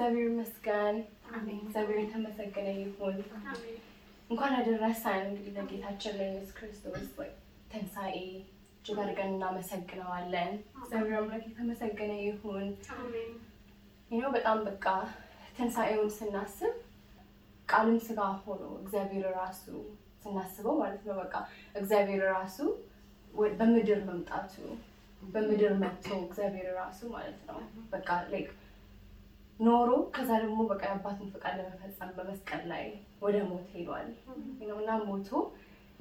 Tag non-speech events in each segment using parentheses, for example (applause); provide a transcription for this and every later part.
እግዚአብሔር ይመስገን። እግዚአብሔር የተመሰገነ ይሁን። እንኳን አደረሰን እንግዲህ ለጌታችን ለኢየሱስ ክርስቶስ ትንሣኤ እጅግ አድርገን እናመሰግነዋለን። እግዚአብሔር አምላክ የተመሰገነ ይሁን። ይኸው በጣም በቃ ትንሣኤውን ስናስብ ቃልም ስጋ ሆኖ እግዚአብሔር ራሱ ስናስበው ማለት ነው በቃ እግዚአብሔር ራሱ በምድር መምጣቱ በምድር መጥቶ እግዚአብሔር ራሱ ማለት ነው በቃ ላይክ ኖሮ ከዛ ደግሞ በቃ የአባቱን ፈቃድ ለመፈጸም በመስቀል ላይ ወደ ሞት ሄዷል እና ሞቶ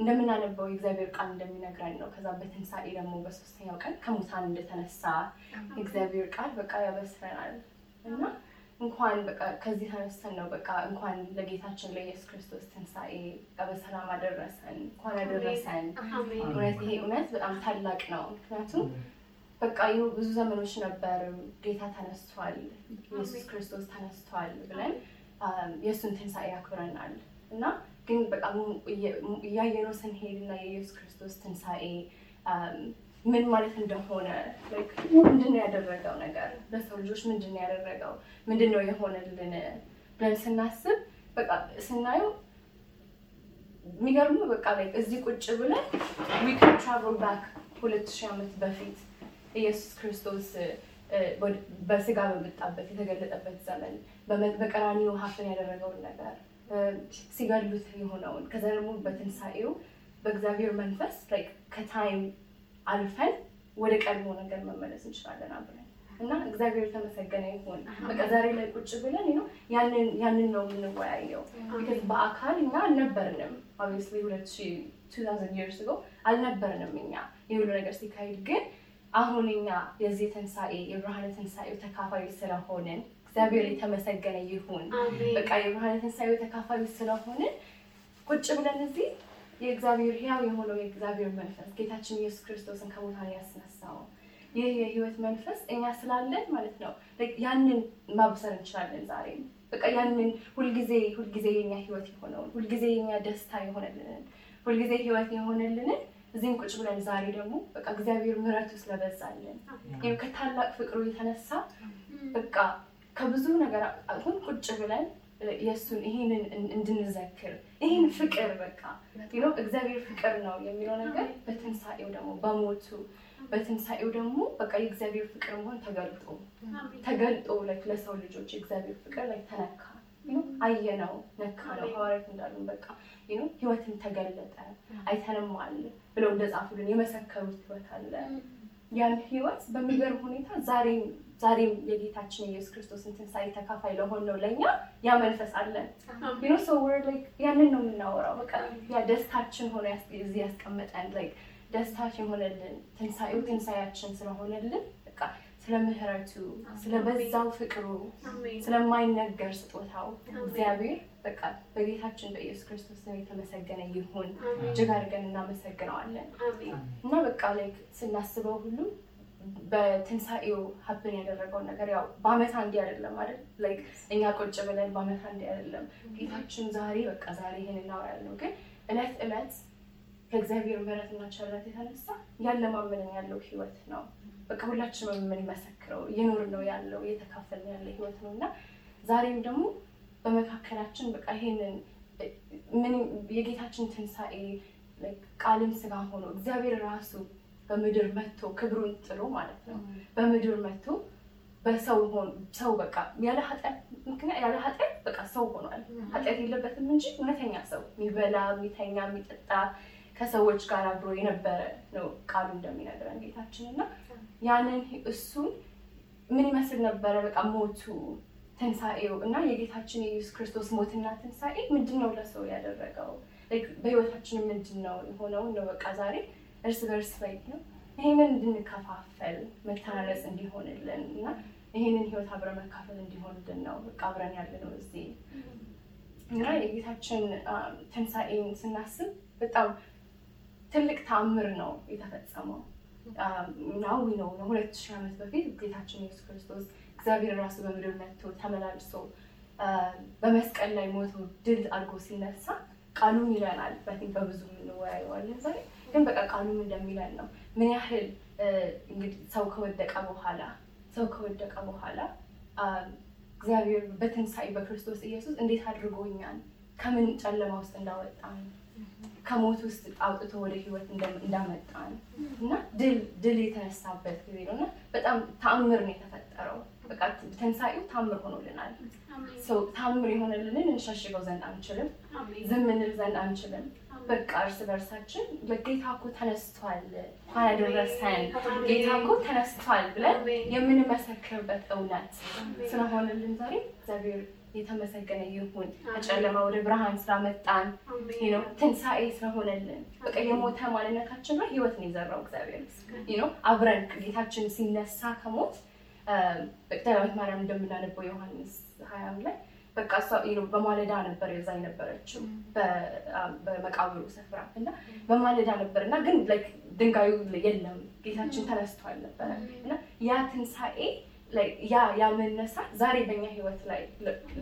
እንደምናነበው የእግዚአብሔር ቃል እንደሚነግረን ነው። ከዛ በትንሳኤ ደግሞ በሶስተኛው ቀን ከሙታን እንደተነሳ የእግዚአብሔር ቃል በቃ ያበስረናል እና እንኳን በቃ ከዚህ ተነስተን ነው በቃ እንኳን ለጌታችን ለኢየሱስ ክርስቶስ ትንሳኤ በሰላም አደረሰን፣ እንኳን አደረሰን። እውነት ይሄ እውነት በጣም ታላቅ ነው። ምክንያቱም በቃ ይሁ ብዙ ዘመኖች ነበር ጌታ ተነስቷል፣ ኢየሱስ ክርስቶስ ተነስቷል ብለን የእሱን ትንሣኤ አክብረናል። እና ግን በቃ እያየነው ስንሄድ እና የኢየሱስ ክርስቶስ ትንሣኤ ምን ማለት እንደሆነ ምንድን ነው ያደረገው ነገር በሰው ልጆች ምንድን ነው ያደረገው ምንድን ነው የሆነልን ብለን ስናስብ በቃ ስናየው የሚገርሙ በቃ እዚህ ቁጭ ብለን ዊክ ትራቨል ባክ ሁለት ሺህ ዓመት በፊት ኢየሱስ ክርስቶስ በስጋ በመጣበት የተገለጠበት ዘመን በቀራኒው ሀፍን ያደረገውን ነገር ሲገሉት የሆነውን ከዛ ደግሞ በትንሳኤው በእግዚአብሔር መንፈስ ከታይም አልፈን ወደ ቀድሞ ነገር መመለስ እንችላለን አብረን እና እግዚአብሔር ተመሰገነ ይሁን። በቃ ዛሬ ላይ ቁጭ ብለን ያንን ነው የምንወያየው። በአካል እኛ አልነበርንም። ኦብቪየስሊ ሁለት ሺህ ቱ ታውዘንድ ይርስ ጎ አልነበርንም እኛ የሁሉ ነገር ሲካሄድ ግን አሁን እኛ የዚህ ትንሣኤ የብርሃነ ትንሣኤ ተካፋይ ስለሆንን እግዚአብሔር የተመሰገነ ይሁን። በቃ የብርሃነ ትንሣኤ ተካፋይ ስለሆንን ቁጭ ብለን እዚህ የእግዚአብሔር ሕያው የሆነው የእግዚአብሔር መንፈስ ጌታችን ኢየሱስ ክርስቶስን ከሙታን ያስነሳው ይህ የህይወት መንፈስ እኛ ስላለን ማለት ነው ያንን ማብሰር እንችላለን ዛሬ በቃ ያንን ሁልጊዜ ሁልጊዜ የኛ ህይወት የሆነውን ሁልጊዜ የኛ ደስታ የሆነልንን ሁልጊዜ ህይወት የሆነልንን እዚህም ቁጭ ብለን ዛሬ ደግሞ በቃ እግዚአብሔር ምሕረቱ ስለበዛልን ከታላቅ ፍቅሩ የተነሳ በቃ ከብዙ ነገር አሁን ቁጭ ብለን የእሱን ይሄንን እንድንዘክር ይህን ፍቅር በቃ እግዚአብሔር ፍቅር ነው የሚለው ነገር በትንሳኤው ደግሞ በሞቱ በትንሳኤው ደግሞ በቃ የእግዚአብሔር ፍቅር መሆን ተገልጦ ተገልጦ ለሰው ልጆች የእግዚአብሔር ፍቅር ላይ ተነካ። አየነው ነካ ሐዋርያት እንዳሉን በቃ ይኑ ህይወትን ተገለጠ አይተንማል ብለው እንደጻፉልን የመሰከሩት ህይወት አለ። ያን ህይወት በሚገርም ሁኔታ ዛሬም ዛሬም የጌታችን የኢየሱስ ክርስቶስን ትንሳኤ ተካፋይ ለሆነው ለእኛ ያ መንፈስ አለን። ዩኖ ሶ ወር ላይክ ያንን ነው የምናወራው። በቃ ያ ደስታችን ሆነ እዚህ ያስቀመጠን ላይክ ደስታችን ሆነልን ትንሳኤው ትንሳያችን ስለሆነልን በቃ ስለ ምሕረቱ፣ ስለበዛው ፍቅሩ፣ ስለማይነገር ስጦታው እግዚአብሔር በቃ በጌታችን በኢየሱስ ክርስቶስ ስም የተመሰገነ ይሁን። እጅግ አድርገን እናመሰግነዋለን እና በቃ ላይ ስናስበው ሁሉ በትንሳኤው ሀብን ያደረገውን ነገር ያው በአመት አንዴ አይደለም አይደል? ላይክ እኛ ቁጭ ብለን በአመት አንዴ አይደለም ጌታችን ዛሬ በቃ ዛሬ ይህን እናወራለን፣ ግን እለት እለት ከእግዚአብሔር ምሕረትና ቸርነት የተነሳ ያለማመንን ያለው ህይወት ነው። በቃ ሁላችንም የምንመሰክረው እየኖር ነው ያለው እየተካፈል ያለ ህይወት ነው እና ዛሬም ደግሞ በመካከላችን በቃ ይሄንን ምን የጌታችን ትንሣኤ ቃልም ስጋ ሆኖ እግዚአብሔር ራሱ በምድር መጥቶ ክብሩን ጥሎ ማለት ነው በምድር መጥቶ በሰው ሆኖ ሰው በቃ ያለ ኃጢአት ምክንያት ያለ ኃጢአት በቃ ሰው ሆኗል። ኃጢአት የለበትም እንጂ እውነተኛ ሰው የሚበላ የሚተኛ፣ የሚጠጣ ከሰዎች ጋር አብሮ የነበረ ነው ቃሉ እንደሚነግረን ጌታችን እና ያንን እሱን ምን ይመስል ነበረ? በቃ ሞቱ፣ ትንሳኤው እና የጌታችን የኢየሱስ ክርስቶስ ሞትና ትንሳኤ ምንድን ነው ለሰው ያደረገው? በህይወታችን ምንድን ነው የሆነው? ነው በቃ ዛሬ እርስ በእርስ ፈይት ነው ይሄንን እንድንከፋፈል መተራረጽ እንዲሆንልን እና ይሄንን ህይወት አብረ መካፈል እንዲሆንልን ነው በቃ አብረን ያለ ነው እዚህ እና የጌታችን ትንሳኤን ስናስብ በጣም ትልቅ ተአምር ነው የተፈጸመው። ናው ነው ሁለት ሺህ ዓመት በፊት ጌታችን ኢየሱስ ክርስቶስ እግዚአብሔር ራሱ በምድር መጥቶ ተመላልሶ uh, በመስቀል ላይ ሞቶ ድል አድርጎ ሲነሳ ቃሉም ይለናል። በፊት በብዙ የምንወያየዋለን ዛሬ ግን በቃ ቃሉም እንደሚለን ነው። ምን ያህል uh, እንግዲህ ሰው ከወደቀ በኋላ ሰው ከወደቀ በኋላ uh, እግዚአብሔር በትንሳኤ በክርስቶስ ኢየሱስ እንዴት አድርጎኛል ከምን ጨለማ ውስጥ እንዳወጣን ከሞት ውስጥ አውጥቶ ወደ ህይወት እንዳመጣን እና ድል ድል የተነሳበት ጊዜ ነው እና በጣም ተአምር ነው የተፈጠረው። በቃ ትንሳኤው ታምር ሆኖልናል። ታምር የሆነልንን እንሸሽገው ዘንድ አንችልም። ዝም እንል ዘንድ አንችልም። በቃ እርስ በርሳችን በጌታ እኮ ተነስቷል፣ እንኳን አደረሰን፣ ጌታ እኮ ተነስቷል ብለን የምንመሰክርበት እውነት ስለሆነልን ዛሬ እግዚአብሔር የተመሰገነ ይሁን። ከጨለማ ወደ ብርሃን ስላመጣን ነው ትንሣኤ ስለሆነልን በቃ የሞተ ማንነታችን ነው ህይወት የዘራው እግዚአብሔር ነው አብረን ጌታችን ሲነሳ ከሞት ዳዊት ማርያም እንደምናነበው ዮሐንስ ሀያም ላይ በቃ በማለዳ ነበር የዛ የነበረችው በመቃብሩ ስፍራ እና በማለዳ ነበር እና ግን ድንጋዩ የለም ጌታችን ተነስቶ አልነበረ እና ያ ትንሣኤ ያ ያ መነሳት ዛሬ በእኛ ህይወት ላይ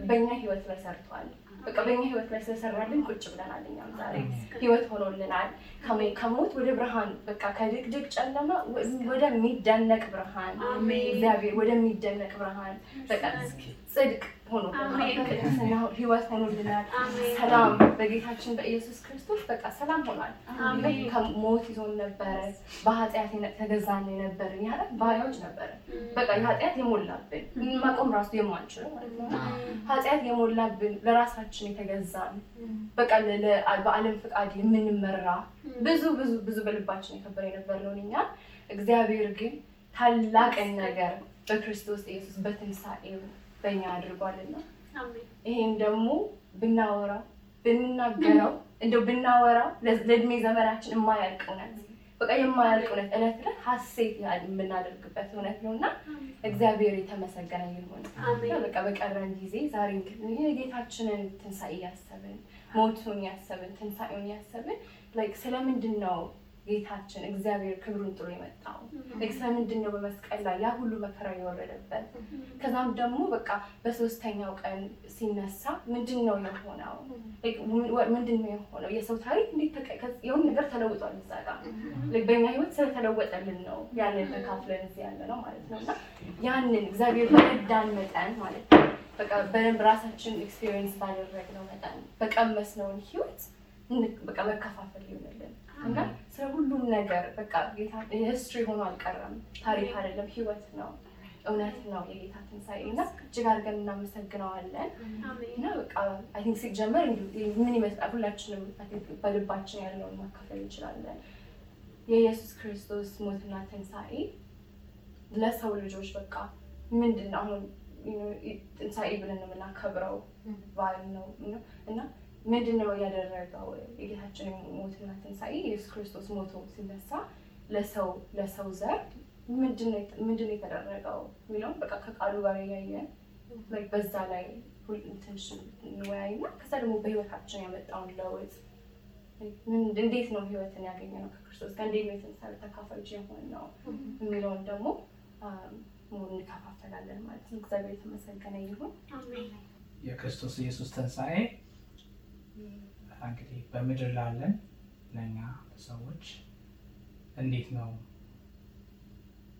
በእኛ ህይወት ላይ ሰርቷል። በቃ በእኛ ህይወት ላይ ስለሰራልን ቁጭ ብለናል። እኛም ዛሬ ህይወት ሆኖልናል። ከሞት ወደ ብርሃን በቃ ከድቅድቅ ጨለማ ወደሚደነቅ ብርሃን እግዚአብሔር ወደሚደነቅ ብርሃን በቃ ጽድቅ ሆኖ ህይወት ሆኖልናል። ሰላም በጌታችን በኢየሱስ ክርስቶስ በቃ ሰላም ሆኗል። ሞት ይዞን ነበረ። በኃጢአት ተገዛን የነበረ የኃጢአት ባሪያዎች ነበረ። በቃ የኃጢአት የሞላብን መቆም ራሱ የማንችለው ኃጢአት የሞላብን ለራሳችን የተገዛን በቃ በዓለም የምንመራ ብዙ ብዙ ብዙ በልባችን የከበረ የነበር ነው እኛ እግዚአብሔር ግን ታላቅን ነገር በክርስቶስ ኢየሱስ በእኛ አድርጓልና ይሄን ደግሞ ብናወራ ብንናገረው እንደው ብናወራ ለእድሜ ዘመናችን የማያልቅ እውነት በቃ የማያልቅ እውነት እለት ላይ ሀሴት የምናደርግበት እውነት ነው እና እግዚአብሔር የተመሰገነ ይሁን። በቃ በቀረን ጊዜ ዛሬ የጌታችንን ትንሣኤ ያሰብን፣ ሞቱን ያሰብን፣ ትንሣኤውን ያሰብን ስለምንድን ነው ጌታችን እግዚአብሔር ክብሩን ጥሎ የመጣው ስለምንድን ነው? በመስቀል ላይ ያ ሁሉ መከራ የወረደበት። ከዛም ደግሞ በቃ በሶስተኛው ቀን ሲነሳ ምንድን ነው የሆነው? ምንድን ነው የሆነው? የሰው ታሪክ እንዴት የሆነ ነገር ተለውጧል። እዛ ጋር በኛ ህይወት ስለተለወጠልን ነው ያለን ተካፍለን እዚህ ያለ ነው ማለት ነው። እና ያንን እግዚአብሔር በረዳን መጠን ማለት ነው በቃ በደንብ ራሳችን ኤክስፔሪየንስ ባደረግነው መጠን በቀመስነውን ህይወት በቃ መከፋፈል ይሆንልን ነገር በቃ ጌታ ሂስትሪ ሆኖ አልቀረም። ታሪክ አይደለም፣ ህይወት ነው፣ እውነት ነው የጌታ ትንሳኤ እና እጅግ አድርገን እናመሰግነዋለን። እና በቃ አይ ቲንክ ሲጀመር ምን ይመስላል ሁላችንም በልባችን ያለውን ማካፈል እንችላለን። የኢየሱስ ክርስቶስ ሞትና ትንሳኤ ለሰው ልጆች በቃ ምንድን ነው አሁን ትንሳኤ ብለን የምናከብረው በዓል ነው እና ምንድን ነው ያደረገው? የጌታችን ሞትና ትንሳኤ ኢየሱስ ክርስቶስ ሞቶ ሲነሳ ለሰው ለሰው ዘር ምንድን ነው የተደረገው የሚለውን በቃ ከቃሉ ጋር እያየን በዛ ላይ ትንሽ እንወያይና ከዛ ደግሞ በህይወታችን ያመጣውን ለውጥ እንዴት ነው ህይወትን ያገኘ ነው ከክርስቶስ ጋር እንዴት ነው የትንሣኤ ተካፋዮች የሆን ነው የሚለውን ደግሞ እንከፋፈላለን ማለት ነው። እግዚአብሔር የተመሰገነ ይሁን። የክርስቶስ ኢየሱስ ትንሣኤ እንግዲህ በምድር ላለን ለእኛ ሰዎች እንዴት ነው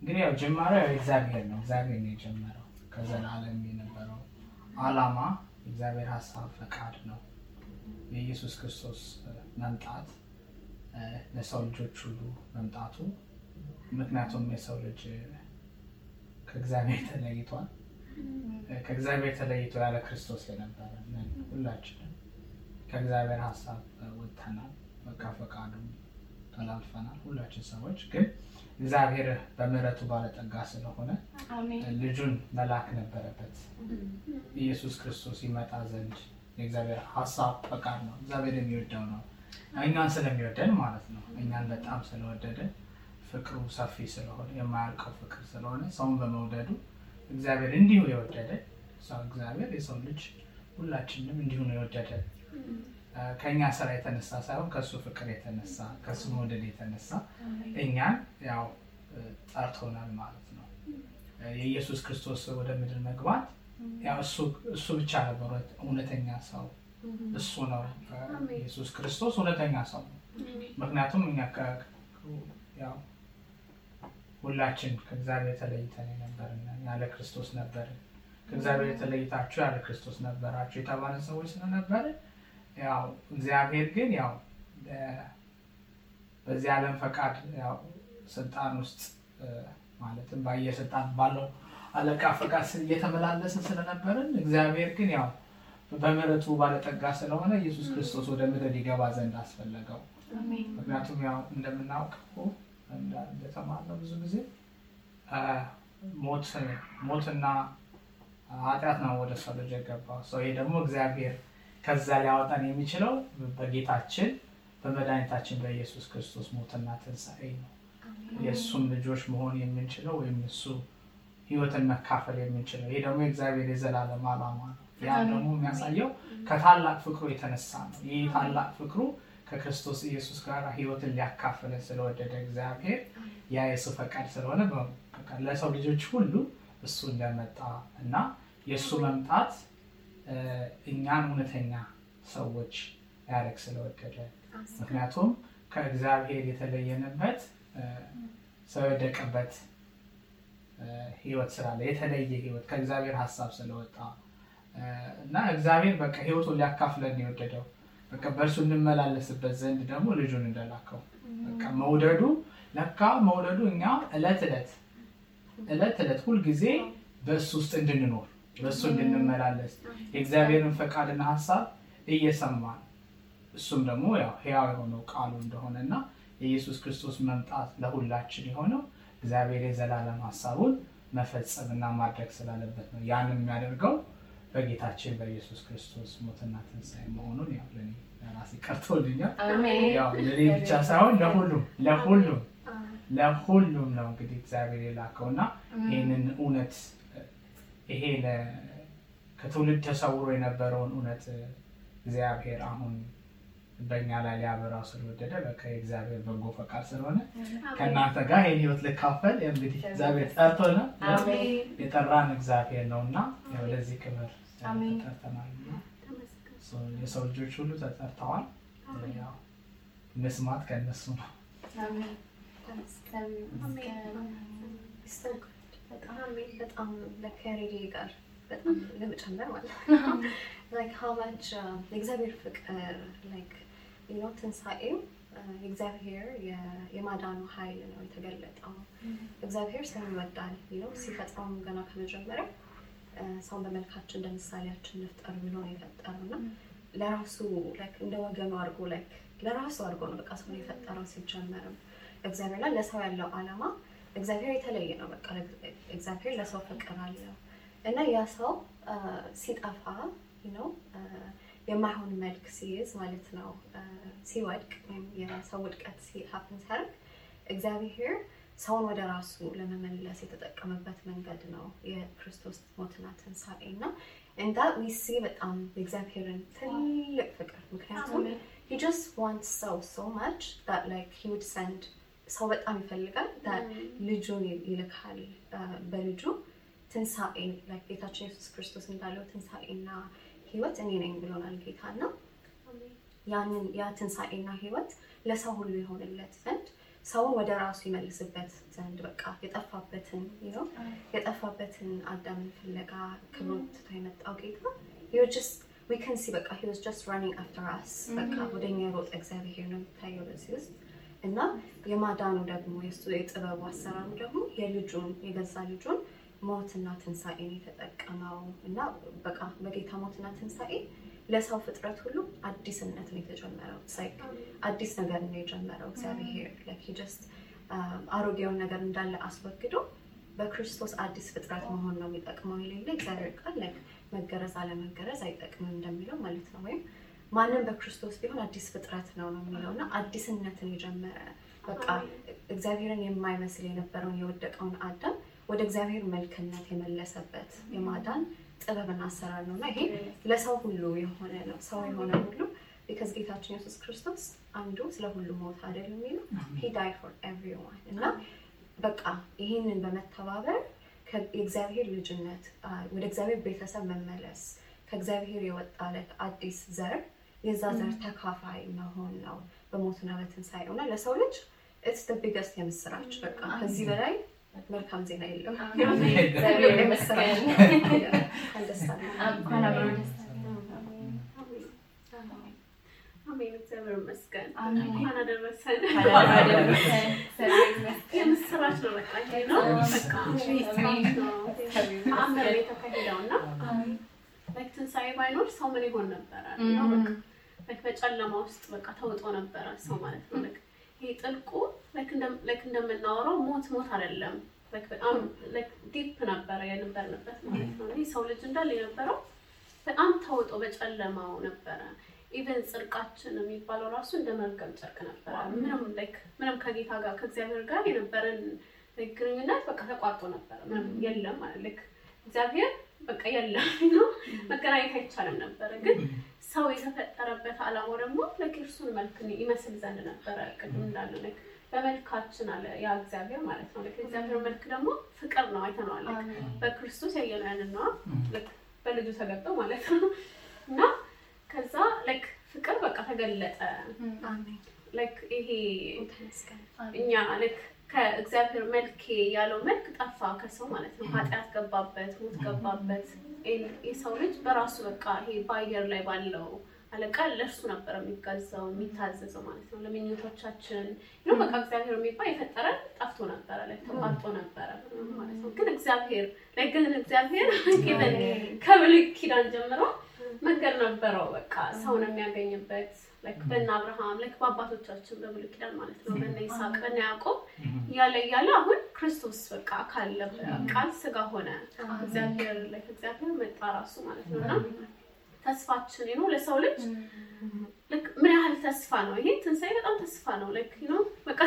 እንግዲህ ያው ጅማሬው ያው እግዚአብሔር ነው። እግዚአብሔር ነው የጀመረው። ከዘላለም የነበረው ዓላማ እግዚአብሔር ሀሳብ ፈቃድ ነው። የኢየሱስ ክርስቶስ መምጣት ለሰው ልጆች ሁሉ መምጣቱ፣ ምክንያቱም የሰው ልጅ ከእግዚአብሔር ተለይቷል። ከእግዚአብሔር ተለይቶ ያለ ክርስቶስ የነበረ ሁላችን ከእግዚአብሔር ሀሳብ ወጥተናል። በቃ ፈቃዱን ተላልፈናል። ሁላችን ሰዎች ግን እግዚአብሔር በምረቱ ባለጠጋ ስለሆነ ልጁን መላክ ነበረበት። ኢየሱስ ክርስቶስ ይመጣ ዘንድ የእግዚአብሔር ሀሳብ ፈቃድ ነው። እግዚአብሔር የሚወደው ነው። እኛን ስለሚወደን ማለት ነው። እኛን በጣም ስለወደደ ፍቅሩ ሰፊ ስለሆነ የማያልቀው ፍቅር ስለሆነ ሰውን በመውደዱ እግዚአብሔር እንዲሁ የወደደ እግዚአብሔር የሰው ልጅ ሁላችንም እንዲሁ ነው የወደደን። ከእኛ ስራ የተነሳ ሳይሆን ከእሱ ፍቅር የተነሳ ከእሱ መውደድ የተነሳ እኛን ያው ጠርቶናል ማለት ነው። የኢየሱስ ክርስቶስ ወደ ምድር መግባት ያው እሱ ብቻ ነበረ እውነተኛ ሰው እሱ ነው። ኢየሱስ ክርስቶስ እውነተኛ ሰው ነው። ምክንያቱም እኛ ሁላችን ከእግዚአብሔር ተለይተን የነበርን ያለ ክርስቶስ ነበርን። ከእግዚአብሔር የተለይታችሁ ያለ ክርስቶስ ነበራችሁ የተባለ ሰዎች ስለነበረ ያው እግዚአብሔር ግን ያው በዚህ ዓለም ፈቃድ ያው ስልጣን ውስጥ ማለትም ስልጣን ባለው አለቃ ፈቃድ እየተመላለስን ስለነበርን እግዚአብሔር ግን ያው በምረቱ ባለጠጋ ስለሆነ ኢየሱስ ክርስቶስ ወደ ምድር ሊገባ ዘንድ አስፈለገው። ምክንያቱም ያው እንደምናውቀው እንደተማርነው ብዙ ጊዜ ሞትና ኃጢአት ነው ወደ ሰው ልጅ የገባው። ሰው ይሄ ደግሞ እግዚአብሔር ከዛ ሊያወጣን የሚችለው በጌታችን በመድኃኒታችን በኢየሱስ ክርስቶስ ሞትና ትንሣኤ ነው። የእሱም ልጆች መሆን የምንችለው ወይም እሱ ህይወትን መካፈል የምንችለው ይህ ደግሞ የእግዚአብሔር የዘላለም አላማ ነው። ያ ደግሞ የሚያሳየው ከታላቅ ፍቅሩ የተነሳ ነው። ይህ ታላቅ ፍቅሩ ከክርስቶስ ኢየሱስ ጋር ህይወትን ሊያካፍልን ስለወደደ እግዚአብሔር ያ የሱ ፈቃድ ስለሆነ ለሰው ልጆች ሁሉ እሱ እንደመጣ እና የእሱ መምጣት እኛን እውነተኛ ሰዎች ያደረግ ስለወደደ ምክንያቱም ከእግዚአብሔር የተለየንበት ሰው የወደቀበት ህይወት ስላለ የተለየ ህይወት ከእግዚአብሔር ሀሳብ ስለወጣ እና እግዚአብሔር በቃ ህይወቱን ሊያካፍለን የወደደው በቃ በእርሱ እንመላለስበት ዘንድ ደግሞ ልጁን እንደላከው በቃ መውደዱ ለካ መውደዱ እኛ እለት እለት እለት እለት ሁልጊዜ በእሱ ውስጥ እንድንኖር በእሱ እንድንመላለስ የእግዚአብሔርን ፈቃድና ሀሳብ እየሰማን እሱም ደግሞ ያው ህያው የሆነው ቃሉ እንደሆነና የኢየሱስ ክርስቶስ መምጣት ለሁላችን የሆነው እግዚአብሔር የዘላለም ሀሳቡን እና ማድረግ ስላለበት ነው። ያንን የሚያደርገው በጌታችን በኢየሱስ ክርስቶስ ሞትና ትንሣኤ መሆኑን ያው ለእኔ ራሴ ቀርቶልኛል። ያው ለእኔ ብቻ ሳይሆን ለሁሉም ለሁሉም ለሁሉም ነው እንግዲህ እግዚአብሔር የላከው እና ይህንን እውነት ይሄ ከትውልድ ተሰውሮ የነበረውን እውነት እግዚአብሔር አሁን በእኛ ላይ ሊያበራ ስለወደደ ከእግዚአብሔር በጎ ፈቃድ ስለሆነ ከእናንተ ጋር ይህን ህይወት ልካፈል እንግዲህ እግዚአብሔር ጠርቶ ነው የጠራን እግዚአብሔር ነው እና ወደዚህ ክብር ጠርተናል የሰው ልጆች ሁሉ ተጠርተዋል። መስማት ከእነሱ ነው። በጣም ጋር በጣም ለመጨመር ማለት ነው የእግዚአብሔር ፍቅር ላይክ የማዳኑ ኃይል ነው የተገለጠው። እግዚአብሔር ሰው ይወዳል ዩኖ ሲፈጥረውም ገና ከመጀመሪያው ሰውን በመልካችን እንደ ምሳሌያችን እንፍጠር ብሎ ነው የፈጠረው እና ለራሱ እንደ ወገኑ አድርጎ ለራሱ አድርጎ ነው በቃ ሰው የፈጠረው ሲጀመርም እግዚአብሔርና ለሰው ያለው ዓላማ እግዚአብሔር የተለየ ነው። በቃ እግዚአብሔር ለሰው ፍቅር አለው እና ያ ሰው ሲጠፋ ነው የማይሆን መልክ ሲይዝ ማለት ነው ሲወድቅ ወይም የሰው ውድቀት ሀፕን ሲያደርግ እግዚአብሔር ሰውን ወደ ራሱ ለመመለስ የተጠቀመበት መንገድ ነው የክርስቶስ ሞትና ትንሳኤ እና እንዳ ዊሲ በጣም የእግዚአብሔርን ትልቅ ፍቅር ምክንያቱም ሂ ጀስት ዋንትስ ሰው ሶ ማች ላይክ ሂ ውድ ሰንድ ሰው በጣም ይፈልጋል። ልጁን ይልካል። በልጁ ትንሳኤን ጌታችን የሱስ ክርስቶስ እንዳለው ትንሳኤና ህይወት እኔ ነኝ ብሎናል ጌታ እና ያንን ያ ትንሳኤና ህይወት ለሰው ሁሉ የሆንለት ዘንድ ሰውን ወደ ራሱ ይመልስበት ዘንድ በቃ የጠፋበትን ነው የጠፋበትን አዳምን ፍለጋ ክብሮት ትቶ የመጣው ጌታ ዊ ከን ሲ በቃ ሂ ጀስት ራኒንግ አፍተር አስ በቃ ወደኛ የሮጠ እግዚአብሔር ነው የምታየው በዚህ ውስጥ እና የማዳኑ ደግሞ የሱ የጥበቡ አሰራሩ ደግሞ የልጁን የገዛ ልጁን ሞትና ትንሣኤን የተጠቀመው እና በቃ በጌታ ሞትና ትንሣኤ ለሰው ፍጥረት ሁሉ አዲስነት ነው የተጀመረው። አዲስ ነገር ነው የጀመረው እግዚአብሔር ለጀስት አሮጌውን ነገር እንዳለ አስወግዶ በክርስቶስ አዲስ ፍጥረት መሆን ነው የሚጠቅመው የሌለ እግዚአብሔር ቃል መገረዝ አለመገረዝ አይጠቅምም እንደሚለው ማለት ነው ወይም ማንም በክርስቶስ ቢሆን አዲስ ፍጥረት ነው ነው የሚለው እና አዲስነትን የጀመረ በቃ እግዚአብሔርን የማይመስል የነበረውን የወደቀውን አዳም ወደ እግዚአብሔር መልክነት የመለሰበት የማዳን ጥበብን አሰራር ነው እና ይሄ ለሰው ሁሉ የሆነ ነው። ሰው የሆነ ሁሉ ቢካዝ ጌታችን ኢየሱስ ክርስቶስ አንዱ ስለ ሁሉ ሞት አይደል የሚለው ሂ ዳይ ፎር ኤቭሪዋን እና በቃ ይህንን በመተባበር የእግዚአብሔር ልጅነት ወደ እግዚአብሔር ቤተሰብ መመለስ ከእግዚአብሔር የወጣለት አዲስ ዘር የዛ ዘር ተካፋይ መሆን ነው በሞትና በትንሳኤው እና ለሰው ልጅ ኢትስ ዘ ቢገስት የምስራች። በቃ ከዚህ በላይ መልካም ዜና የለም። (laughs) የምስራች ትንሳኤ ባይኖር ሰው ምን ይሆን ነበረ? በጨለማ ውስጥ በቃ ተውጦ ነበረ ሰው ማለት ነው። ይሄ ጥልቁ ላይክ እንደምናወራው ሞት ሞት አይደለም፣ በጣም ዲፕ ነበረ የነበርንበት ማለት ነው። ሰው ልጅ እንዳለ የነበረው በጣም ተውጦ በጨለማው ነበረ። ኢቨን ጽድቃችን የሚባለው ራሱ እንደ መርገም ጨርቅ ነበረ። ምንም ላይክ ምንም ከጌታ ጋር ከእግዚአብሔር ጋር የነበረን ግንኙነት በቃ ተቋርጦ ነበረ። ምንም የለም ማለት ልክ እግዚአብሔር በቃ የለም ነው መገናኘት አይቻልም ነበረ ግን ሰው የተፈጠረበት አላማው ደግሞ ለክርሱን መልክ ይመስል ዘንድ ነበረ። ቅድም እንዳለ ልክ በመልካችን አለ ያ እግዚአብሔር ማለት ነው። ልክ እግዚአብሔር መልክ ደግሞ ፍቅር ነው አይተነዋል። በክርስቶስ ያየነው ያንን ነዋ። ልክ በልጁ ተገባው ማለት ነው እና ከዛ ልክ ፍቅር በቃ ተገለጠ። ልክ ይሄ እኛ ልክ ከእግዚአብሔር መልክ ያለው መልክ ጠፋ ከሰው ማለት ነው። ኃጢአት ገባበት፣ ሞት ገባበት። የሰው ልጅ በራሱ በቃ ይሄ በአየር ላይ ባለው አለቃ ለእርሱ ነበር የሚጋዛው የሚታዘዘው ማለት ነው። ለምኞቶቻችን ነው በቃ እግዚአብሔር የሚባል የፈጠረ ጠፍቶ ነበረ ላይ ተቋርጦ ነበረ ማለት ነው። ግን እግዚአብሔር ላይ ግን እግዚአብሔር ጊቨን ከብሉይ ኪዳን ጀምሮ መንገድ ነበረው በቃ ሰውን የሚያገኝበት ላይክ በእነ አብርሃም ላይክ በአባቶቻችን በብሉይ ኪዳን ማለት ነው በእነ ይስሐቅ በእነ ያዕቆብ እያለ እያለ አሁን ክርስቶስ በቃ ካለ ቃል ስጋ ሆነ እግዚአብሔር ላይ እግዚአብሔር መጣ ራሱ ማለት ነው እና ተስፋችን ነው ለሰው ልጅ ልክ ምን ያህል ተስፋ ነው ይሄ ትንሳኤ በጣም ተስፋ ነው ልክ ነው በቃ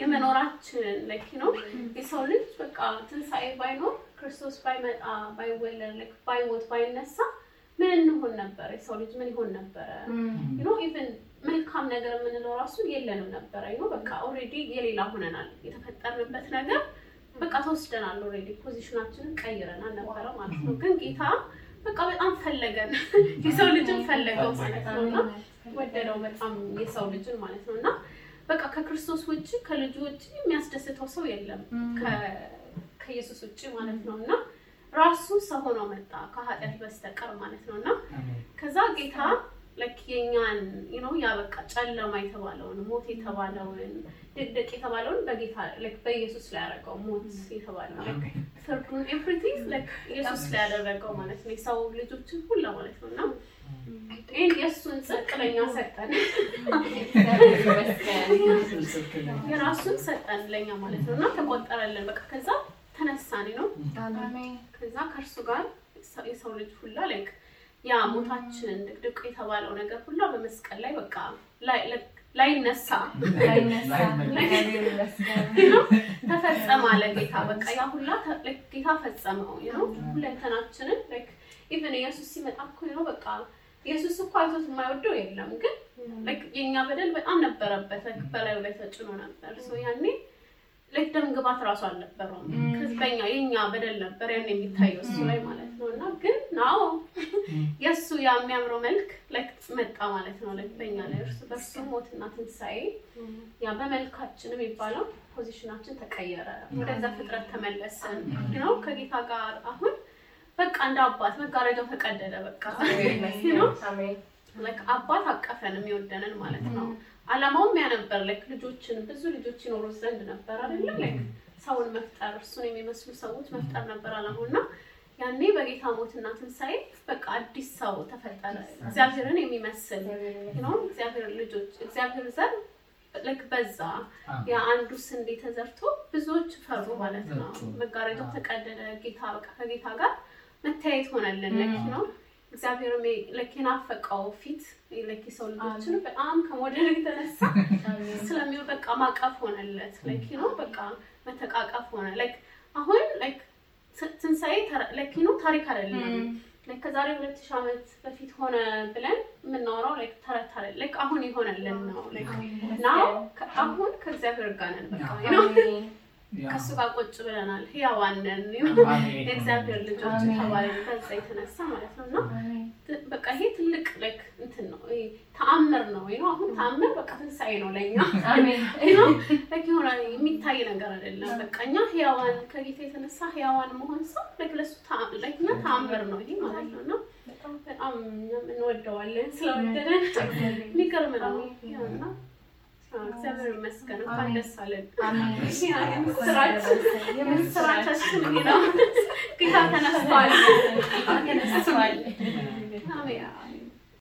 የመኖራችን ልክ ነው የሰው ልጅ በቃ ትንሳኤ ባይኖር ክርስቶስ ባይመጣ ባይወለድ ልክ ባይሞት ባይነሳ ምን እንሆን ነበረ የሰው ልጅ ምን ይሆን ነበረ ኖ ኢቨን መልካም ነገር የምንለው ራሱ የለንም ነበረ ኖ በቃ ኦሬዲ የሌላ ሆነናል የተፈጠርንበት ነገር በቃ ተወስደናል ኦሬዲ ፖዚሽናችንን ቀይረናል ነበረ ማለት ነው ግን ጌታ በቃ በጣም ፈለገን የሰው ልጅን ፈለገው ማለት ነው እና ወደደው በጣም የሰው ልጅን ማለት ነው እና በቃ ከክርስቶስ ውጭ ከልጁ ውጭ የሚያስደስተው ሰው የለም ከኢየሱስ ውጭ ማለት ነው እና ራሱ ሰው ሆኖ መጣ ከኃጢአት በስተቀር ማለት ነው እና ከዛ ጌታ ልክ የኛን ኖ ያ በቃ ጨለማ የተባለውን ሞት የተባለውን ድቅድቅ የተባለውን በጌታ በኢየሱስ ላይ ያደረገው ሞት የተባለው ፍርዱን ኤቭሪቲንግ ኢየሱስ ላይ ያደረገው ማለት ነው። የሰው ልጆችን ሁላ ማለት ነው እና ይህን የእሱን ጽድቅ ለእኛ ሰጠን፣ የራሱን ሰጠን ለእኛ ማለት ነው እና ተቆጠረልን። በቃ ከዛ ተነሳኔ ነው ከዛ ከእርሱ ጋር የሰው ልጅ ሁላ ላይክ ያ ሞታችን ድቅድቅ የተባለው ነገር ሁላ በመስቀል ላይ በቃ ላይነሳ ተፈጸመ አለ ጌታ። በቃ ያ ሁላ ጌታ ፈጸመው ነው ሁለንተናችንን ኢቨን ኢየሱስ ሲመጣ እኮ ነው በቃ ኢየሱስ እኮ አይቶት የማይወደው የለም፣ ግን የእኛ በደል በጣም ነበረበት፣ በላዩ ላይ ተጭኖ ነበር። ያኔ ደም ግባት እራሱ አልነበረውም። ህዝበኛ የኛ በደል ነበር ያን የሚታየው እሱ ላይ ማለት ነው። እና ግን ናው የእሱ የሚያምረው መልክ መጣ ማለት ነው በኛ ላይ እርሱ በርሱ ሞትና ትንሳኤ ያ በመልካችን የሚባለው ፖዚሽናችን ተቀየረ። ወደዛ ፍጥረት ተመለሰን ነው ከጌታ ጋር አሁን በቃ እንደ አባት መጋረጃው ተቀደደ። በቃ ነው (laughs) አባት አቀፈን የሚወደንን ማለት ነው። አላማውም ያ ነበር። ላይክ ልጆችን ብዙ ልጆች ይኖሩ ዘንድ ነበር አይደለ? ላይክ ሰውን መፍጠር እሱን የሚመስሉ ሰዎች መፍጠር ነበር አላማውና ያኔ በጌታ ሞትና ትንሣኤ በቃ አዲስ ሰው ተፈጠረ፣ እግዚአብሔርን የሚመስል ነው። እግዚአብሔር ልጆች እግዚአብሔር ዘር ልክ በዛ የአንዱ ስንዴ ተዘርቶ ብዙዎች ፈሩ ማለት ነው። መጋረጃው ተቀደደ። ጌታ በቃ ከጌታ ጋር መታየት ሆነልን ልክ ነው። እግዚአብሔርም ለክ የናፈቀው ፊት ለክ ሰው ልጆችን በጣም ከሞደል የተነሳ ስለሚሆን በቃ ማቀፍ ሆነለት ለክ ነው። በቃ መተቃቀፍ ሆነ ለክ አሁን ለክ ትንሳኤ ለኪ ነው ታሪክ አይደለም። ላይክ ከዛሬ ሁለት ዓመት በፊት ሆነ ብለን የምናወራው ላይክ ተረት አይደለም። ላይክ አሁን የሆነልን ነው። ላይክ ናው አሁን ከእግዚአብሔር ጋር ነን በቃ ነው ከሱ ጋር ቁጭ ብለናል። ህያዋን ነን የእግዚአብሔር ልጆች ተባለ በዛ የተነሳ ማለት ነው። እና በቃ ይሄ ትልቅ ላይክ እንትን ነው፣ ተአምር ነው። ይኸው አሁን ተአምር በቃ ትንሳኤ ነው ለእኛ (laughs) ሆነ የሚታይ ነገር አይደለም። በቃ እኛ ህያዋን ከጌታ የተነሳ ህያዋን መሆን ሰው ለሱ ለኛ ተአምር ነው ይሄ ማለት ነው። እና በጣም እንወደዋለን ስለወደደን ሚገርም ነው እና እግዚአብሔር ይመስገን። እንኳን ደስ አለን። የምስራቻችን ነው። ጌታ ተነስቷል።